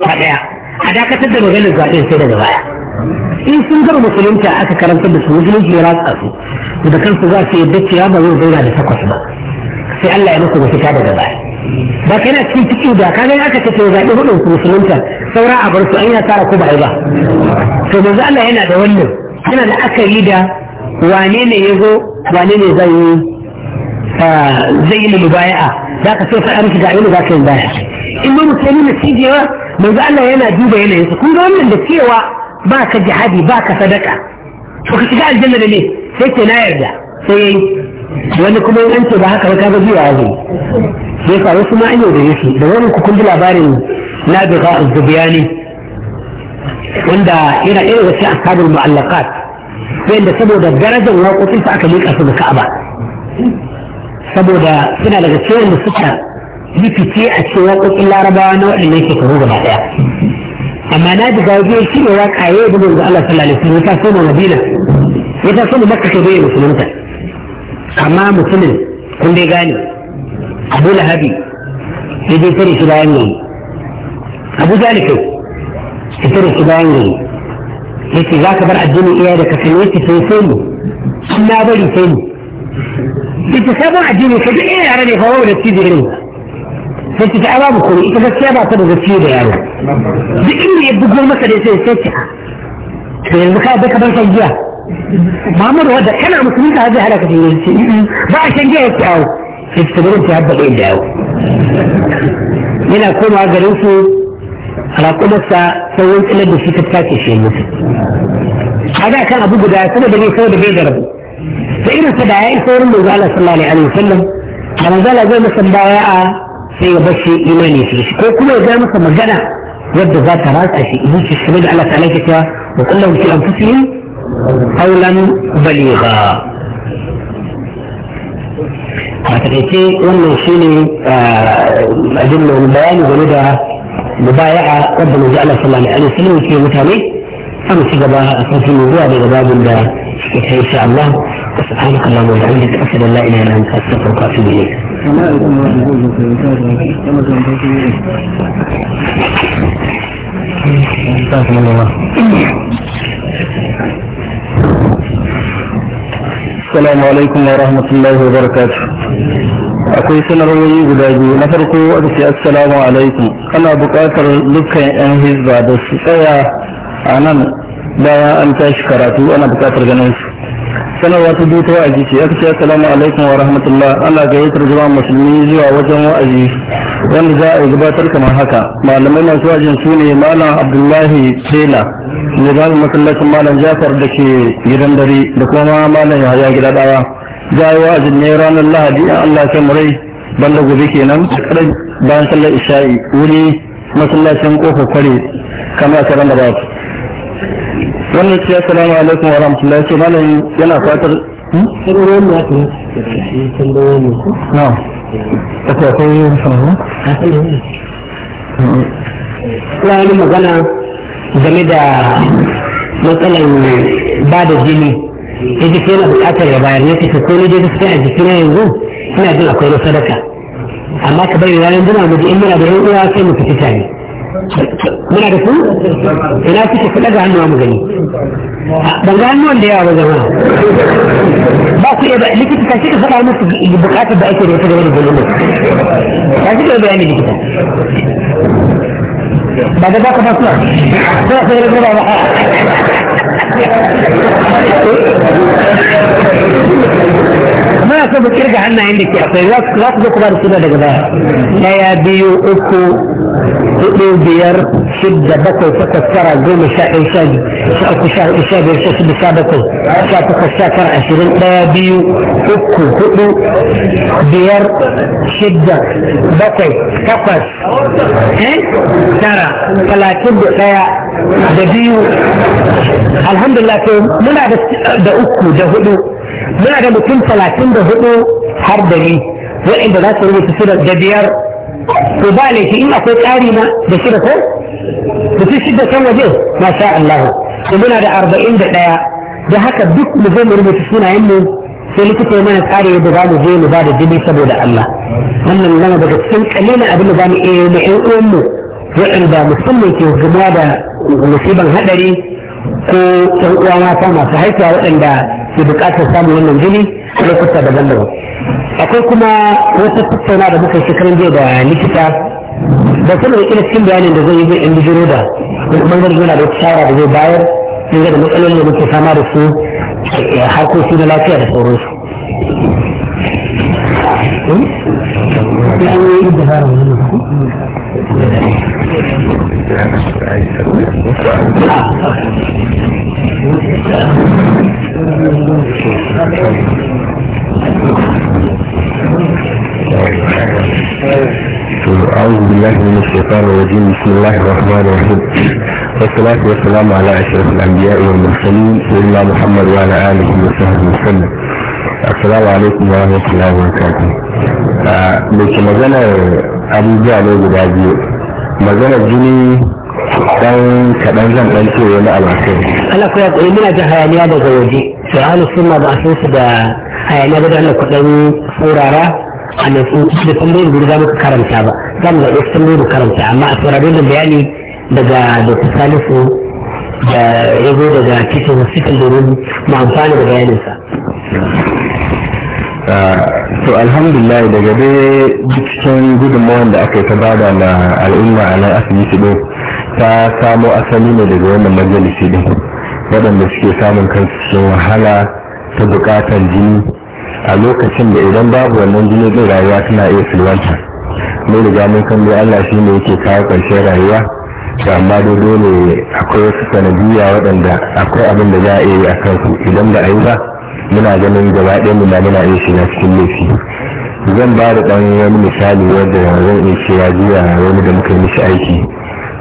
ba a dakatar da maganar zaɓen sai daga baya in sun gar musulunta aka karantar da su musulunci ya ratsa su da kansu za su yadda cewa ba zai zauna da takwas ba sai Allah ya muku mafita daga baya ba kai na cikin ciki da ka ga aka tafi zaɓe hudun ku musulunta saura a bar su an yi asara ko ba ai ba to yanzu Allah yana da wannan yana da da wane ne ya zo wane ne zai yi zai yi mubaya'a za ka so faɗa miki ga za ka yi baya in ma musulmi na cijewa manzo Allah yana duba yanayinsa kun ga wannan da cewa ba ka jihadi ba ka sadaka to ka shiga aljanna da ne sai ke na yarda sai yayi wani kuma in an ce ba haka ba ka ga zuwa zai sai fa wasu ma da yake da wani ku kun ji labarin nabiga az-zubiyani wanda yana ɗaya daga cikin ashabul mu'allaqat wanda saboda darajar sa aka miƙa su da Ka'aba saboda suna daga cikin da suka yi fice a cewa kokin larabawa na waɗannan shekaru gaba ɗaya amma na ji gawo shi ne ya kaye da ga Allah sallallahu alaihi wasallam ya taso ma Madina ya taso ma Makka bai musulunta amma musulmin kun dai gane Abu Lahabi ya je tare shi bayan yayi Abu Jahal kai ya tare shi bayan yayi yace za ka bar addinin iyaye da ka kalli yace sai sai mu amma bari sai mu انت sai ba addini ka duk ina yare ne fa babu da cibi irin sai ki ta babu kuma ita gaskiya ba ta da gaskiya da yaro duk inda ya bugo masa da sai sai ki a to yanzu ka da ka bar san giya Muhammadu wadda kana musulmi ka zai halaka da yanzu ba a shan giya ya kyawo sai ta gurin ta haɓa ɗaya da yawo yana komawa garin su raƙumarsa sauran tsilar da shi ta take shi mutu. Haga kan abu guda saboda bai saboda bai da rabu. وإن تدعين فورم صلى الله عليه وسلم أنا زال زي ما سمع يا سي بشي إيماني فيش كوكو زي ما سمع جنا يبدو ذات راس أشي إيش الشمد على سلاك يا وكلهم في أنفسهم قولا بليغا حتى ولا شيني آه، أدل البيان ولدا مبايعة ربنا جعل صلى الله عليه وسلم في مثالي فمسي قبا أصنفي مبوا بغباب الله إن شاء الله سبحانك اللهم وبحمدك أشهد أن لا إله إلا أنت أستغفرك وأتوب إليك. استغفر الله. السلام عليكم ورحمة الله وبركاته. akwai sanarwoyi guda biyu na farko wadda ke assalamu alaikum ana buƙatar dukkan 'yan hizba da su tsaya a nan bayan an tashi karatu ana buƙatar ganin su sanarwa ta biyu ta wa'azi ce aka ce assalamu alaikum wa rahmatullah ana gayyatar jama'a musulmi zuwa wajen wa'azi wanda za a yi gabatar kamar haka malamai masu wajen su ne malam abdullahi tela nizam masallacin malam jafar da ke gidan dare da kuma malam yahaya gida dawa za a yi wa'azin ne ranar lahadi a allah kai murai banda gobe kenan bayan sallar isha'i wuri masallacin kofar kware kamar a da ba wannan ce assalamu alaikum wa rahmatullahi ce malam yana fatar sarwarin ya ta yi tambayoyi ne ko na ta kai yin sanawa kuma yi magana game da matsalar ba da jini ya ji yana bukatar ya bayar ya ce ko ne dai gaskiya a jikina yanzu ina jin akwai na sadaka amma ka bari ranar jina mu ji in yana da yan uwa sai mu fita tare muna da ku ina kuke ku daga hannuwa mu gani ban ga hannuwan da yawa ba zama ba ku iya likita ka shiga faɗa musu bukatar da ake da ita game da gulmi ka shiga bayani likita ba da za ka fasuwa sai sai da gaba ba ku kirga hannayen da ke akwai za ku ku ba da suna daga baya daya biyu uku hudu biyar shidda bakwai takwas tara goma sha ɗaya sha biyu sha uku sha hudu sha biyar sha shida sha bakwai sha takwas sha tara ashirin daya biyu uku hudu biyar shidda bakwai takwas tara talatin da ɗaya da biyu alhamdulillah muna da uku da hudu muna da mutum talatin da hudu har dari waɗanda za su rubuta shida da biyar to ba laifi in akwai tsari na da shida ko mutum shida kan waje masha Allah to muna da arba'in da ɗaya da haka duk mu zo mu rubuta sunayenmu sai likita mana tsari yadda za mu je mu ba da jini saboda Allah wannan zama daga cikin kalilin abin da za mu iya na ƴan uwanmu waɗanda musamman ke gama da musiban haɗari ko ƴan uwa mata masu haifa waɗanda ke bukatar samun wannan jini a lokuta daban-daban akwai kuma wata tattauna da muka shekarun jiya da likita da kuma da cikin bayanin da zai yi zai ɗan jiro da zai yana da shawara da zai bayar dangane da matsalolin da muke fama da su eh, harkoki na lafiya da sauransu أعوذ بالله من الشيطان الرجيم بسم الله الرحمن الرحيم والصلاة والسلام على أشرف الأنبياء والمرسلين سيدنا محمد وعلى آله وصحبه وسلم assalamu alaikum wa rahmatullahi wa barakatuh da ah, ke maganar abubuwa ne guda biyu maganar jini dan kaɗan zan ɗan ce wani albarkai Allah ku ya ƙuri muna jin hayaniya daga waje to ahlus sunna ba a su da hayaniya ba da Allah ku ɗan saurara a nan da tambayin gudu za muka karanta ba za mu su tambayin mu karanta amma a saurare da bayani daga Dr. Salisu da ya zo daga cikin hospital domin mu amfana da bayaninsa. Ah, to alhamdulillah daga dai cikin gudunmawar da aka yi ta bada na al'umma a nan asibiti ɗin ta samo asali ne daga wannan majalisi ɗin waɗanda suke samun kansu cikin wahala ta buƙatar jini a lokacin da idan babu wannan jini ɗin rayuwa suna iya silwanta mai riga mun kan Allah shi ne yake kawo ƙarshen rayuwa da amma dai dole akwai wasu sanadiyya waɗanda akwai abin da za a iya yi a kansu idan da a yi ba muna ganin gaba ɗaya mu muna iya shiga cikin laifi zan ba da ɗan wani misali wanda zan iya cewa jiya wani da muka yi mishi aiki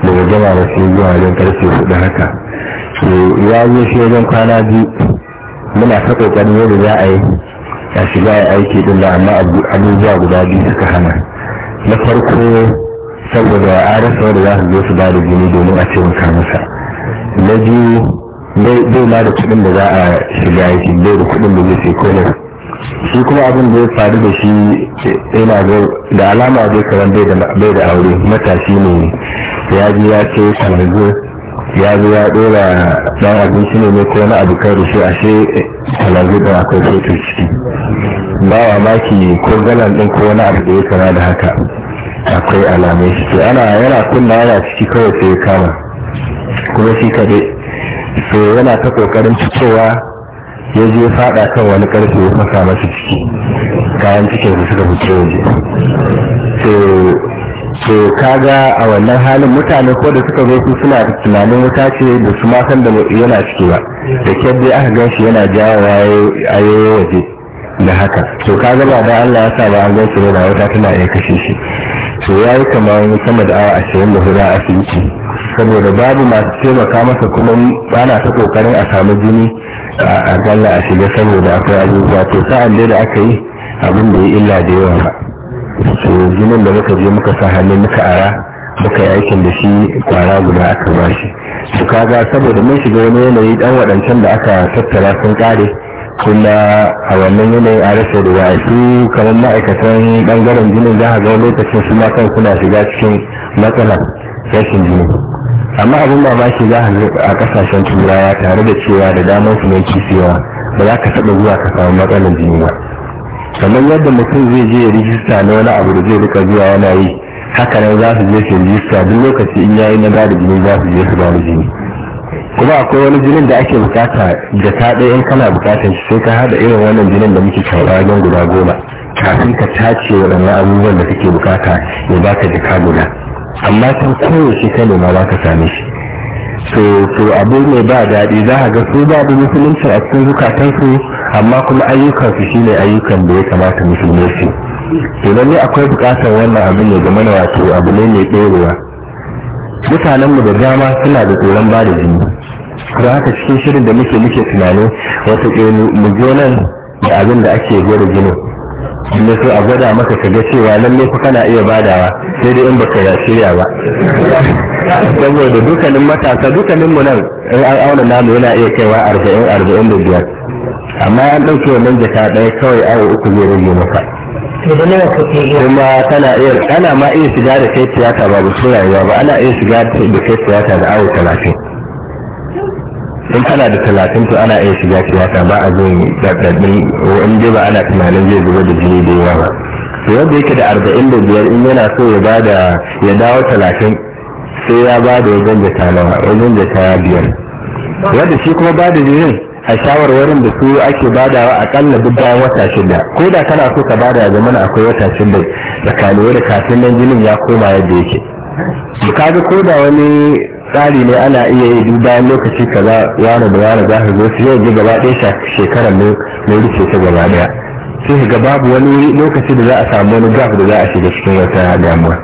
daga gama da su zuwa wajen karfe hudu haka ya zo shi wajen kwana biyu muna ta ƙoƙarin yadda za a yi a shiga ya aiki din da amma abubuwa guda biyu suka hana na farko saboda a rasa wanda za su zo su ba da jini domin a taimaka masa na biyu bai ma da kuɗin da za a shiga yake zai da kuɗin da zai sai komai shi kuma abin da ya faru da shi yana da alama bai karan bai da aure matashi ne ya ji ya ce sanarzo ya zo ya ɗora dan abinci ne ko na abu kai da shi ashe da akwai kotu ciki ba wa maki ko galan ɗin ko wani abu da ya kara da haka akwai alamai shi ana yana kunna yana ciki kawai sai kama kuma shi kaɗai so yana ta kokarin fitowa ya je fada kan wani karfe ya fasa masa ciki kayan cikin su suka fito waje so kaga a wannan halin mutane ko da suka zo su suna tunanin wuta ce da su ma san da yana ciki ba da kyar dai aka gan shi yana jawo ayoyi waje da haka so kaga ba da Allah ya sa ba an gan shi yana wuta tana iya kashe shi so ya yi kamar sama da awa ashirin da hudu a asibiti saboda babu masu taimaka masa kuma bana ta kokarin a samu jini a galla a shiga saboda akwai abubuwa to sa'an da aka yi abin da ya illa da yawa ba to jinin da muka je muka sa hannun muka ara muka yi aikin da shi kwara guda aka ba shi su kaga saboda mun shiga wani yanayi dan waɗancan da aka tattara sun kare kuma a wannan yanayin a rasa da su kamar ma'aikatan bangaren jinin za a ga lokacin su ma kan kuna shiga cikin matsala rashin jini amma abin mamaki za a kasashen turawa tare da cewa da damar su mai kisiyawa ba za ka saba zuwa ka samu matsalar jini ba kamar yadda mutum zai je ya rijista na wani abu da zai rika zuwa yana yi haka nan za su je su rijista duk lokaci in yayi na bada jini za su je su gada jini kuma akwai wani jinin da ake bukata da ta ɗaya in kana bukatar shi sai ka haɗa irin wannan jinin da muke karɓa wajen guda goma kafin ka tace waɗannan abubuwan da kake bukata ya baka jaka guda amma kan koyaushe kalima ba ka same shi so so abu mai ba daɗi za a ga su babu musulunci a cikin zukatansu amma kuma ayyukansu shine ayyukan da ya kamata musulmi su to ne akwai buƙatar wannan abin ya zama wato abu ne mai ɗorewa mutanenmu da dama suna da tsoron ba da jini don haka cikin shirin da muke muke tunani wata mu nan da abin da ake gwada ginin. inda so a gwada maka ka ga cewa lalle ku kana iya badawa sai dai in baka ya shirya ba saboda dukkanin matasa dukkanin mu nan in an auna namu yana iya kaiwa arba'in arba'in da biyar amma an ɗauke nan jaka ɗaya kawai awa uku zai rage maka kuma kana iya ana ma iya shiga da kai tiyata ba ba su rayuwa ba ana iya shiga da kai tiyata da awa talatin in kana da talatin to ana iya shiga siyasa ba a jin daɗaɗin in ba ana tunanin zai zuba da jini da yawa to wanda yake da arba'in da biyar in yana so ya bada ya dawo talatin sai ya bada wajen ta nawa wajen biyar wanda shi kuma bada jinin a shawarwarin da su ake badawa akalla duk bayan wata shida ko da kana so ka bada ya zamana akwai wata shida tsakanin da kafin nan jinin ya koma yadda yake kaga ko da wani tsari ne ana iya yi duk bayan lokaci kaza yana da yana za ka zo su yau gaba ɗaya shekarar mai rufe ta gaba ɗaya sai ga babu wani lokaci da za a samu wani gaf da za a shiga cikin wata damuwa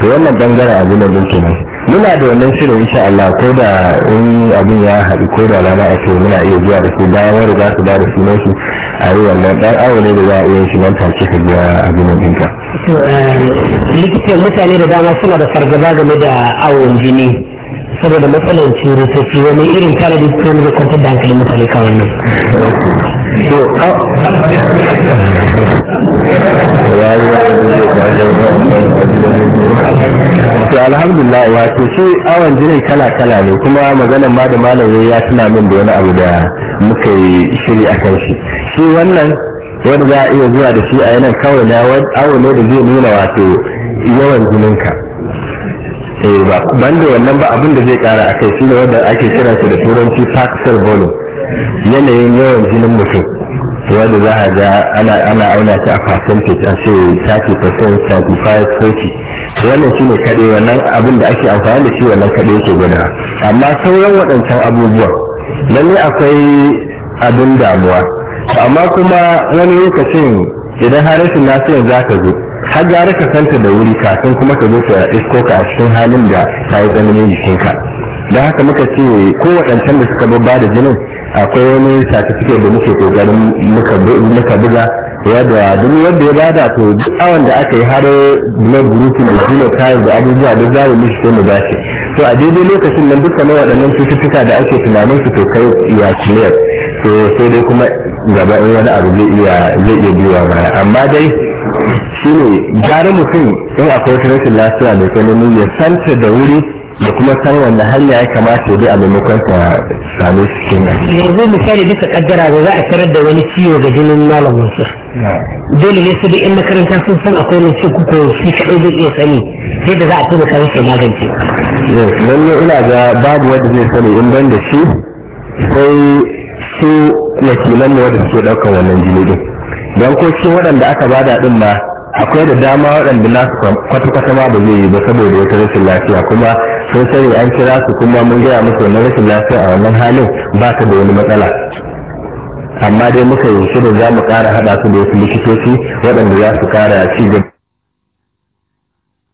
to wannan bangaren abu ne din kenan muna da wannan shirin insha Allah ko da in abin ya haɗu ko da rana a ce muna iya zuwa da su bayan wani za su ba da su su a yi wannan ɗan awo ne da za a iya shi nan take ka biya abin ɗinka. Eh, likita mutane da dama suna da fargaba game da awon jini saboda matsalar cirutoci wani irin da su ne kwantar da hankali mutane kawai nan. to alhamdulillah wato shi awon jinin kala kala ne kuma maganan ma da malam ya tuna min da wani abu da muka yi shiri a kan shi shi wannan wanda za a iya zuwa da shi a yanar kawai na awo ne da zai nuna wato yawan jininka sai eh, ba ban da wannan ba abin da zai kara a kai shine wanda ake kira shi da turanci Park paxil volume yanayin yawan jinin mutum wanda za a ga ana ana auna shi a percentage a ce 30% 35 40 wannan shine kade wannan abin da ake amfani da shi wannan kade yake gwada amma sauran waɗancan abubuwan lalle akwai abin damuwa amma kuma wani lokacin idan har nasiyar za ka zo har gara ka santa da wuri kafin kuma ka zo ka isko ka a cikin halin da ta yi tsananin jikinka da haka muka ce ko waɗancan da suka babba da jinin akwai wani certificate da muke ƙoƙarin muka buga yadda duk wanda ya bada to duk awon da aka yi har blood grouping da tayar da abubuwa da za mu mishi mu dace to a daidai lokacin nan dukkanin waɗannan cututtuka da ake tunanin su to kai ya clear to sai dai kuma gaba in wani abu zai iya zai iya biyowa baya amma dai Shi ne gyara mutum in akwai wata rashin lafiya mai tsanani ya santa da wuri da kuma san wanda hanya ya kamata bi a maimakon ta same shi cikin nan. yanzu misali bisa kaddara da za a tarar da wani ciwo ga jinin malamin su dole ne su duk in makaranta sun san akwai wani ciwo kuka shi kaɗai zai iya sani sai da za a kawai masa magance. Nan ne ina ga babu wanda zai sani in ban da shi sai su wakilan ne wanda suke ɗaukar wannan jini din. don ko cikin waɗanda aka da din ma akwai da dama waɗanda nasu kwata-kwata ma ba zai yi ba saboda wata rashin lafiya kuma sun sani an kira su kuma mun gaya musu wannan rashin lafiya a wannan halin ba ta da wani matsala amma dai muka yi shirin za mu ƙara haɗa su da wasu likitoci waɗanda za su ƙara ci gaba